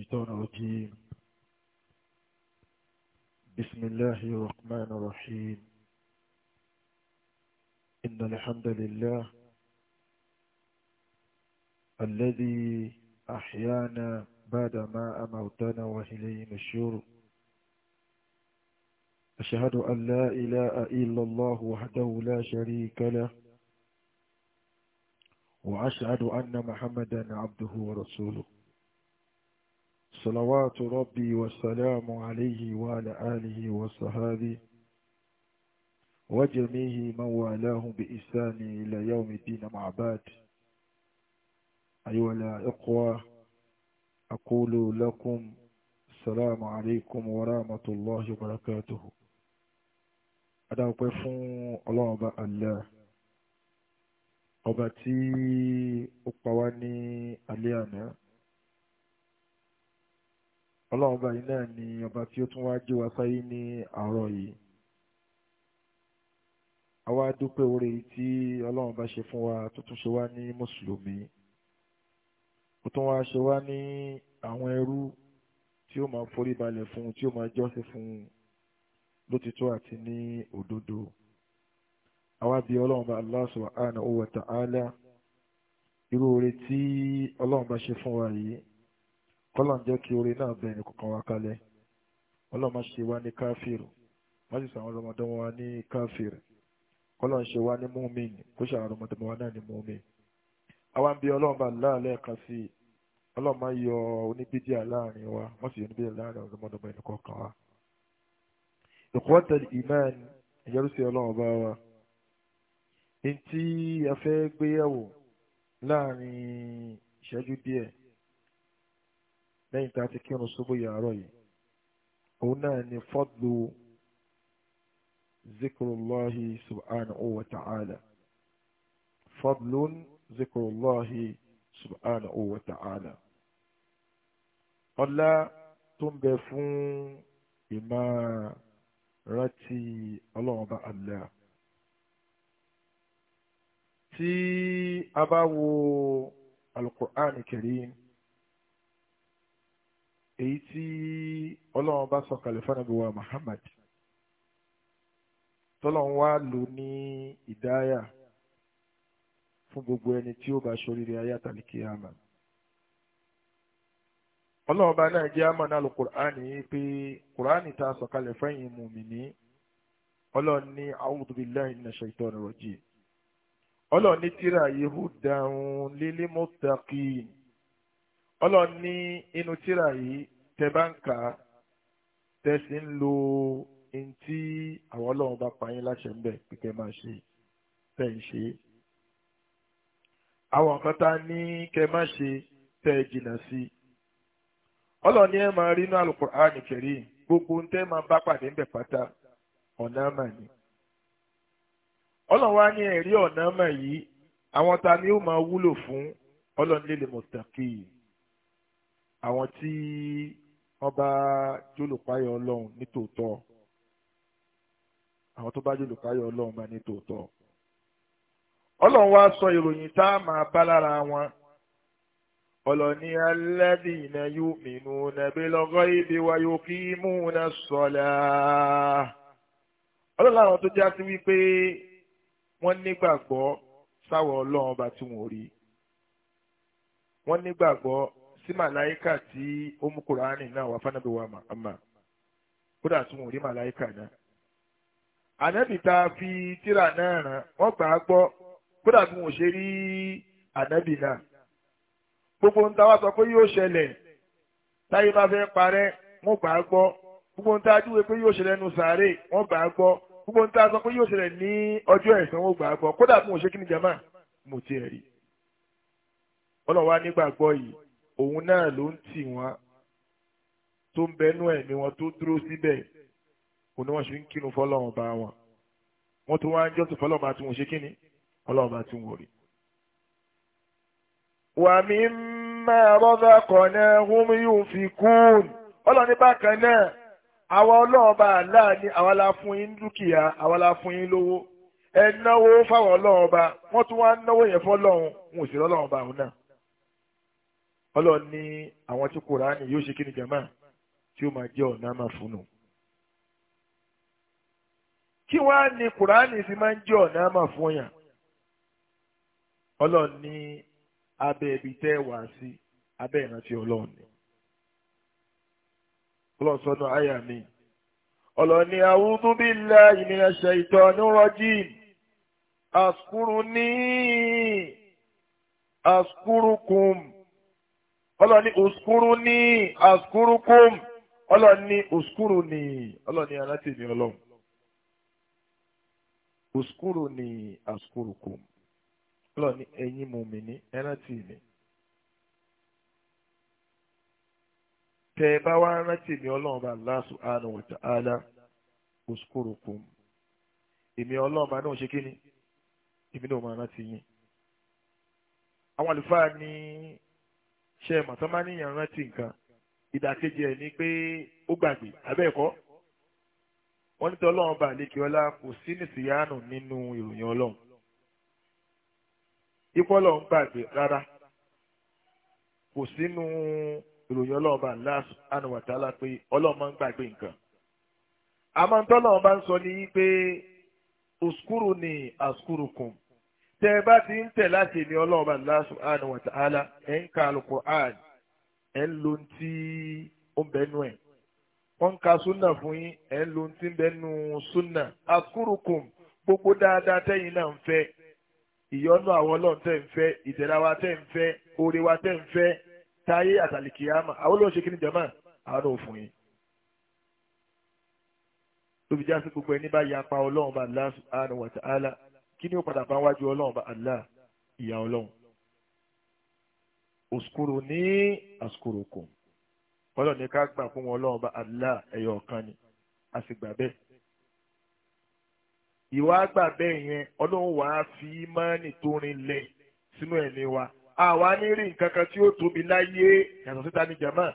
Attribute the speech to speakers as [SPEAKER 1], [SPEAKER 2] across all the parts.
[SPEAKER 1] الشيطان الرجيم بسم الله الرحمن الرحيم إن الحمد لله الذي أحيانا ما أموتنا وإليه نشور أشهد أن لا إله إلا الله وحده لا شريك له وأشهد أن محمدا عبده ورسوله صلوات ربي والسلام عليه وعلى آله وصحابه وجميع من والاه بإحسان إلى يوم الدين مع بعد أيها الإخوة أقول لكم السلام عليكم ورحمة الله وبركاته أنا أقف الله الله ọba tí ó pa ọlọ́run ọba yìí náà ni ọba tí ó tún wá jí wa sáyé ní àárọ̀ yìí àwa dúpẹ́ oore tí ọlọ́run bá ṣe fún wa tó tún ṣe wá ní mùsùlùmí ó tún wá ṣe wá ní àwọn ẹrú tí ó máa forí balẹ̀ fún un tí ó máa jọ́sìn fún un lótìtọ́ àti ní òdodo àwa bí ọlọ́run bá Allah subhanahu wa ta'ala irú oore tí ọlọ́run bá ṣe fún wa yìí kọ́lọ̀ ń jẹ́ kí orin náà bẹ̀rẹ̀ ní kọ̀ọ̀kan wá kalẹ̀ ọlọ́run má ṣe wá ní káfíìrù má sì sàwọn ọmọdé wa ní káfíìrù kọ́lọ̀ ń ṣe wá ní múmin kó ṣe àwọn ọmọdé wa náà ní múmin. àwa ń bi ọlọ́run bá láàlẹ́ kan sí i ọlọ́run má yọ oníbídíà láàrin wa má sì yọ oníbídíà láàrin ọmọdé wa ní kọ̀ọ̀kan wa. ìkọ́tẹ̀lì iman ìyẹrùsí ọlọ́run bá wa ní tí a fẹ́ gbéyàwó láàrin ìṣẹ́jú díẹ̀ lẹ́yìn tá a ti kírun ṣubú yàrá yìí òun náà ni fọ́dù zikrullahi subhanahu wa ta'ala fọ́dù zikrullahi subhanahu wa ta'ala ọlá tó ń bẹ fún ìmọ̀ rántí ọlọ́run bá tí a bá wo alukur'an karim. èyí tí ọlọ́run bá sọ kalẹ̀ Muhammad tọ́lọ́run wá lò ní ìdáyà fún gbogbo ẹni tí ó bá ṣoríire ayé àtàlìkí àmà ọlọ́run bá náà jẹ́ àmà náà lò kùránì pé kùránì tá sọ fẹ́yìn mùmìnì ọlọ́run ní a'udhu billahi ọlọ́run ní yìí ọlọ́run ní inú tíra yìí tẹ bá ń kà á tẹ sì ń lo ohun tí àwọn ọlọ́run bá pa yín láṣẹ ńbẹ kíkẹ́ máa ṣe tẹ̀ ń ṣe. àwọn nǹkan tá a ní kẹ́ má ṣe tẹ̀ jìnnà sí i. ọlọ́run ní ẹ máa rí inú Al-Qur'ani Karim gbogbo ń tẹ́ máa bá pàdé ńbẹ pátá ọ̀nà mà ní. ọlọ́run wá ní ẹ̀rí ọ̀nà mà yìí àwọn ta ni ó máa wúlò fún ọlọ́run lè lè mọ̀tàkì yìí àwọn tí wọ́n bá jólùpáyọ̀ ọlọ́run ní tòótọ́ àwọn tó bá jólùpáyọ̀ ọlọ́run bá ní tòótọ́ ọlọ́run wá sọ ìròyìn tá a máa bá lára wọn ọlọ́ni alladhina yu'minuna bil-ghaybi wa yuqimuna as-salah ọlọ́run àwọn tó já sí wípé wọ́n nígbàgbọ́ sáwọ́ ọlọ́run ọba tí wọ́n rí wọ́n nígbàgbọ́ sí màláìkà tí ó mú kuraani náà wá fanabi wa Muhammad kódà tí wọn ò rí màláìkà náà ànábì tá a fi tírà náà ràn wọ́n gbà á gbọ́ kódà bí wọn ò ṣe rí ànábì náà gbogbo ń ta wá sọ pé yóò ṣẹlẹ̀ táyé bá fẹ́ parẹ́ wọ́n gbà á gbọ́ gbogbo ń ta ajúwe pé yóò ṣẹlẹ̀ nù sàárè wọ́n gbà á gbọ́ gbogbo ń ta sọ pé yóò ṣẹlẹ̀ ní ọjọ́ ẹ̀san wọ́n gbà á gbọ́ kódà bí wọn ṣe kí ni jama mo tiẹ̀ rí ọlọ́wà nígbàgbọ́ yìí òun náà ló ń tì wọ́n tó ń bẹnú ẹ̀mí wọn tó dúró síbẹ̀ òun ni wọ́n ṣe ń kírun fọlọ́run bá wọn wọ́n tó wá ń jọ́sìn fọlọ́run bá tí wọ́n ṣe kí ni fọlọ́run bá tí wọ́n rí. wà mí máa rọ́bà kan náà wọ́n yóò fi kún ọlọ́ni bákan náà àwa ọlọ́run bá àlá ni àwa la fún yín dúkìá àwa la fún yín lówó ẹ náwó fáwọn ọlọ́run bá wọ́n tún wá náwó yẹn fọlọ́run wọn ò sì rọ́lọ́run bá òun náà ọlọ́run ní àwọn tí kùránì yóò ṣe kí ni jàmáà tí ó máa jẹ́ ọ̀nà máa fún un. kí wàá ní kùránì sì máa ń jẹ́ ọ̀nà máa fún yàn ọlọ́run ní abẹ́ ibi tẹ́ wà sí abẹ́ ìrántí ọlọ́run ni. ọlọ́run sọ́nà àyà mi ọlọ́run ní a'udhu billahi minash shaitonir rajim askuruni askurukum. ọlọ́ni òskúrú ní àskúrúkùm ọlọ́ni òskúrú ní ọlọ́ni alátìmí ọlọ́run òskúrú ní ọlọ́ni tẹ ẹ bá wá rántí mi ọlọ́run bá Allah subhanahu wa ta'ala òskúrúkùm èmi bá náà ṣe kí èmi náà máa rántí yín. àwọn àlùfáà ní. ṣe é mọ̀tọ́ máa níyàn rántí nǹkan ìdàkejì ẹ̀ ni pé ó gbàgbé abẹ́ẹ̀kọ́ wọ́n ní tí bá àlekè ọlá kò sí nìsíyàánù nínú ìròyìn ọlọ́run ipò ọlọ́run gbàgbé rárá kò sínú ìròyìn ọlọ́run bá Allah subhanahu pé ọlọ́run máa ń gbàgbé nǹkan àmọ́ ntọ́lọ́run bá ń sọ ní pé òskúrú ní àskúrú kùn tẹ́ ẹ bá ti ń tẹ̀ láti èmi ọlọ́run bá Allah subhanahu wa ta'ala ẹ̀ ń ka alukur'an ẹ̀ ń lo ti ń bẹ́nu ẹ̀ wọ́n ń ka súnà fún yín ẹ̀ ń lo ti ń bẹ́nu súnà akurukum gbogbo dáadáa tẹ́yìn náà ń fẹ́ ìyọ́nú àwọn ọlọ́run tẹ́ ń fẹ́ ìdẹ̀ra wa tẹ́ ń fẹ́ oore wa tẹ́ ń fẹ́ táyé àtàlìkìyàmà àwọn olóhùn ṣe kí ni jama àwọn náà fún yín. tóbi já gbogbo ẹni bá yapa ọlọ́run bá Allah subhanahu wa ta'ala kí ni ó padà bá wájú ọlọ́run bá Allah ìyá ọlọ́run òsùkúrò ní àsùkúrò kù ọlọ́run ní ká gbà fún wọn ọlọ́run bá Allah ẹ̀yọ̀ ọ̀kan ni a sì gbà bẹ́ẹ̀ ìwà àgbà bẹ́ẹ̀ yẹn ọlọ́run wàá fi mánì tó rinlẹ̀ sínú ẹ̀mí wa àwa ní rí nǹkan kan tí ó tóbi láyé yàtọ̀ síta ní jama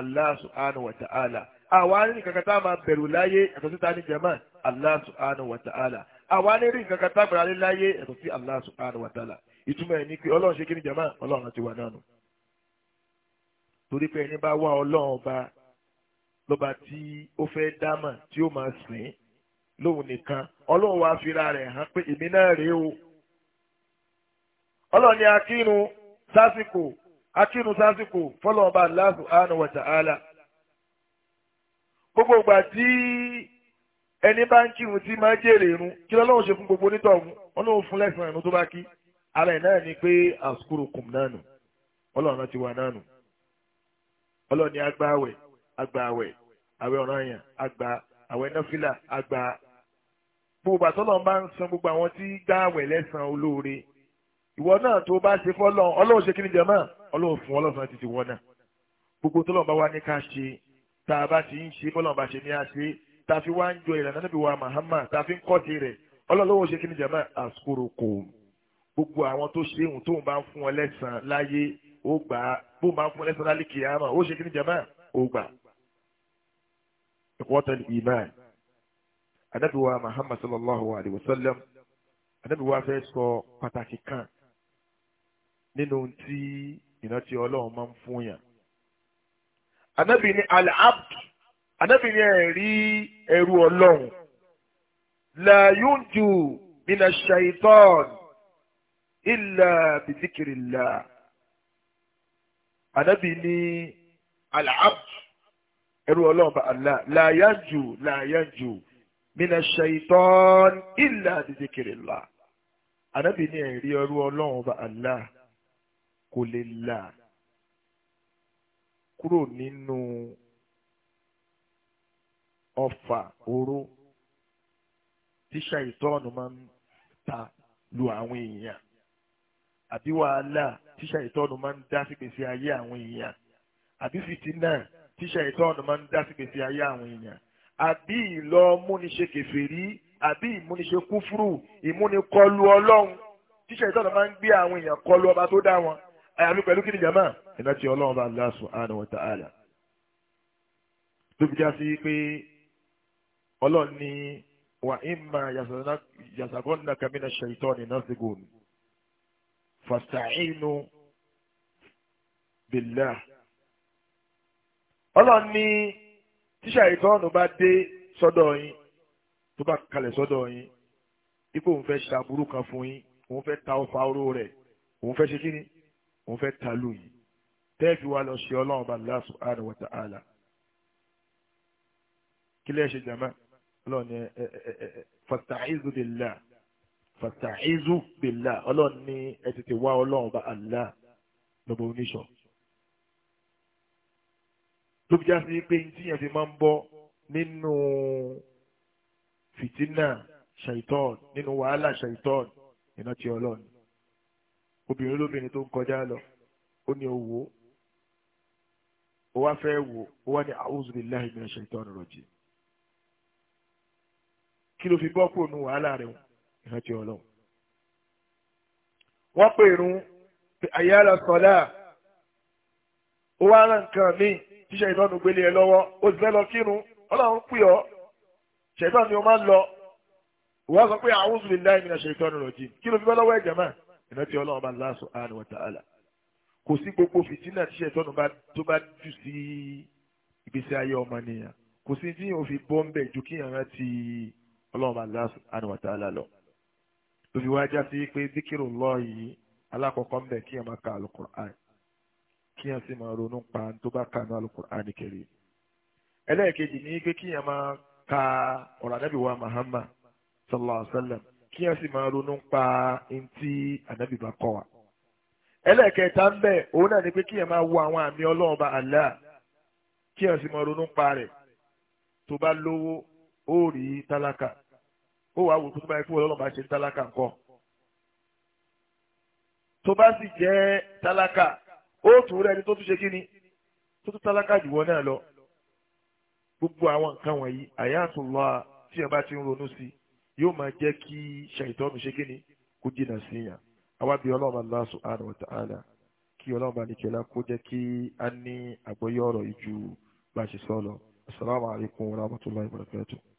[SPEAKER 1] Allah subhanahu wa ta'ala àwa ní nǹkan kan tá a máa bẹ̀rù láyé yàtọ̀ síta ní jama Allah subhanahu wa ta'ala àwa lè rí nǹkan kan tágbàrá lé láyé ẹ̀tọ́ sí Allah subhanahu wa ta'ala ìtumọ̀ ẹ̀ ní pé ọlọ́run ṣe kí ni jama ọlọ́run ti wà náà nù. torí pé ẹni bá wá ọlọ́run ọba lọ́ba tí ó fẹ́ dámà tí ó máa sìn lóhun nìkan ọlọ́run wa fira rẹ̀ hàn pé èmi náà rèé o. ọlọ́run ni akínú sásìkò akínú sásìkò fọlọ́ọ̀ba Allah subhanahu wa ta'ala gbogbo ìgbà tí ẹni bá ń kírun tí máa jèrè irun kí lọ́lọ́run ṣe fún gbogbo onítọ̀hún ọlọ́run fún lẹ́sìn irun tó bá kí ara ẹ̀ náà ni pé àsukúrò kùn náà nù ọlọ́run ti wà náà nù ọlọ́run ni agbáwẹ̀ agbáwẹ̀ àwẹ̀ ọ̀ranyàn àgbà àwẹ̀ nọ́fìlà àgbà gbogbo àtọ́lọ́run bá ń san gbogbo àwọn tí gbáwẹ̀ lẹ́sàn olóore ìwọ náà tó bá ṣe fọ́lọ́run ọlọ́run ṣe kí ni jẹ́mọ́ ọlọ́run fún tàfi wá ń jọ ìlànà níbi wa Muhammad tàfi ń kọ́ ti rẹ̀ ọlọ́lọ́wọ́ ṣe kí ni jama àsukòròkò gbogbo àwọn tó ṣe òun tóun bá ń fún ọ lẹ́sàn-án láyé ó gbà á bóun bá ń fún ọ lẹ́sàn-án láyé kìyàmà ó ṣe kí ni jama ó gbà. ìkọ́tàn ìmáà ànábì wa Muhammad sallallahu alayhi wa sallam ànábì wa fẹ́ sọ pàtàkì kan nínú tí ìrántí ọlọ́run máa ń fún yàn. ànábì ni al Ànábì ní ẹ̀rí ẹrú ọlọ́run la yunju mina shaitan illa bizikirillah Ànábì ní al-abd ẹrú ọlọ́run bá Allah la yanju la yanju mina shaitan illa bizikirillah Ànábì ní ẹ̀rí ẹrú ọlọ́run bá Allah kò lè là kúrò nínú ọfà oró tíṣà ìtọ́ọ̀nù máa ń ta lu àwọn èèyàn àbí wàhálà tíṣà ìtọ́ọ̀nù máa ń dá sígbèsí ayé àwọn èèyàn àbí fìtínà tíṣà ìtọ́ọ̀nù máa ń dá sígbèsí ayé àwọn èèyàn àbí ìlọ múniṣe kèfèrí àbí ìmúniṣe kúfúrú ìmúnikọlu ọlọ́run tíṣà ìtọ́ọ̀nù máa ń gbé àwọn èèyàn kọlu ọba tó dá wọn àyàfi pẹ̀lú kí ni jàmá ìrántí ọlọ́run bá Allah subhanahu wa ta'ala. tó fi já sí pé ọlọ́run ní wà ìmà yasabọ́nà kàmínà ṣèyítọ́ ní nọ́ọ̀sìgòn fàṣàìnù bìlá ọlọ́run ní tíṣà ìtọ́nù bá dé sọ́dọ̀ yín tó bá kalẹ̀ sọ́dọ̀ yín ipò òun fẹ́ ṣàbúrú kan fún yín òun fẹ́ ta ọfà oró rẹ̀ òun fẹ́ ṣe kí ni òun fẹ́ ta lù yín tẹ́ẹ̀fì wa lọ ṣe ọlọ́run bá Allah subhanahu wa ta'ala kí lẹ́ẹ̀ ṣe jàmáà ọlọ́ọ̀ni eh, eh, eh, fastaizu billah fastaizu billah ọlọ́ọ̀ni ẹ tètè wá ọlọ́run bá Allah lọ́bọ̀ oníṣọ́ tó fi já sí pé ní tíyẹn fi máa ń bọ́ nínú fìtínà ṣàìtọ́n nínú wàhálà ṣàìtọ́n iná ti ọlọ́ọ̀ni obìnrin lóbìnrin tó ń kọjá lọ ó ní owó ó wá fẹ́ wò ó wá ní a'udhu billahi minash shaitonir rajim kí ló fi bọ́ kúrò nù wàhálà rẹ̀ ìrántí ọlọ́run. wọ́n pè irun àyàlà sọ̀lá ó wá rán nǹkan mi tíṣe ìdánù gbélé ẹ lọ́wọ́ ó sì fẹ́ lọ kírun ọlọ́run pè ọ́ ṣẹ̀tàn ni ó máa ń lọ wọ́n sọ pé a'udhu billahi minash shaitani rajim kí ló fi bọ́ lọ́wọ́ ẹ̀jẹ̀ mọ́ ìrántí ọlọ́run bá Allah subhanahu wa ta'ala kò sí gbogbo fìtínà tíṣe ìtọ́nù tó bá jù sí ìgbésí ayé ọmọnìyàn kò sí tí yóò fi bọ́ ń bẹ̀ ju kí yàrá ti ọlọ́run bá lásù àníwàtà lọ lórí wá já sí pé lọ yìí alákọ̀ọ́kọ́ ń bẹ̀ kí ẹ̀ máa ka alukur'an kí ẹ̀ sì máa ronú pa tó bá ka ní alukur'an kiri ẹlẹ́ẹ̀kejì ní pé kí ẹ̀ ka ọ̀rọ̀ anábì wa sallallahu pa bá kọ́ wa ẹlẹ́ẹ̀kẹta ń bẹ̀ òun náà ni pé kí ẹ̀ máa ó wàá wò tó bá yẹ kó ọlọ́run bá ṣe tálákà ńkọ́ tó bá sì jẹ́ tálákà ó tún rẹ ẹni tó tún ṣe kí ni tó tún tálákà jùwọ́ náà lọ gbogbo àwọn nǹkan wọ̀nyí àyàtúlọ́ tí ẹ bá ti ń ronú sí yóò máa jẹ́ kí ṣàìtọ́nù ṣe kí ni kó jìnnà sí yàn àwa bí ọlọ́run Allah subhanahu wa ta'ala kí ọlọ́run bá ní kẹlá kó jẹ́ kí a ní àgbọ́yé ọ̀rọ̀ ìjù bá ṣe sọ warahmatullahi wabarakatuh.